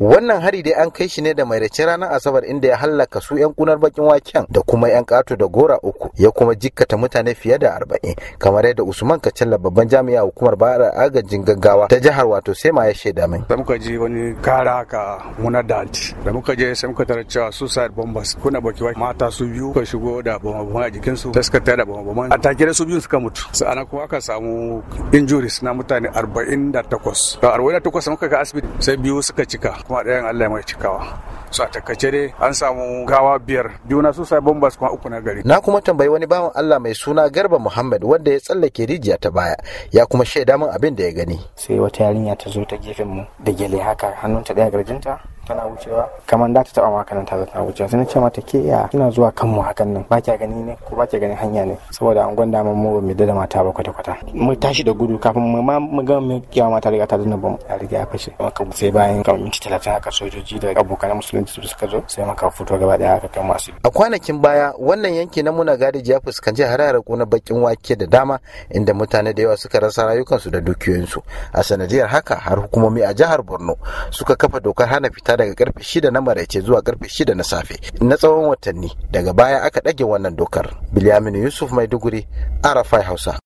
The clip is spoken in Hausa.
wannan hari dai an kai shi ne da maidace ranar asabar inda ya hallaka su yan kunar bakin waken da kuma yan kato da gora uku ya kuma jikkata mutane fiye da arba'in kamar yadda usman kacalla babban jami'a hukumar bayar agajin gaggawa ta jihar wato sema ya shaida mai da muka ji wani kara ka muna danti da muka je sai muka tarar cewa suicide bombers kuna baki mata su biyu ka shigo da bomba a jikin su suka tada bomba a take da su biyu suka mutu su ana kuma aka samu injuries na mutane arba'in da takwas 48 48 muka ga asibiti sai biyu suka cika kuma ɗayan Allah mai cikawa su a takaice dai an samu gawa biyar juna su sai bombas kuma uku na gari na kuma tambayi wani bawan Allah mai suna Garba Muhammad wanda ya tsallake rijiya ta baya ya kuma shaida min abin da ya gani sai wata yarinya ta zo ta gefen mu da gele haka hannunta daya garjinta tana wucewa kamar da ta taba makanan ta tana wucewa sai na ce mata ke ya kina zuwa kan mu hakan nan ba kya gani ne ko ba kya gani hanya ne saboda an gwanda mun mu mai da mata ba kwata kwata mu tashi da gudu kafin mu ma mu ga mu kiyawa mata riga ta dinna bamu ya riga ya fashe maka sai bayan kamar minti 30 haka sojoji da abokan musulunci suka zo sai maka fito gaba daya haka kan masu a kwanakin baya wannan yankin na muna gadi ya fuskanci harayar na bakin wake da dama inda mutane da yawa suka rasa rayukansu da dukiyoyinsu a sanadiyar haka har hukumomi a jihar Borno suka kafa dokar hana fita daga karfe shida na maraice zuwa karfe shida na safe na tsawon watanni daga baya aka ɗage wannan dokar. Bilyamin Yusuf Maiduguri, Arafai Hausa.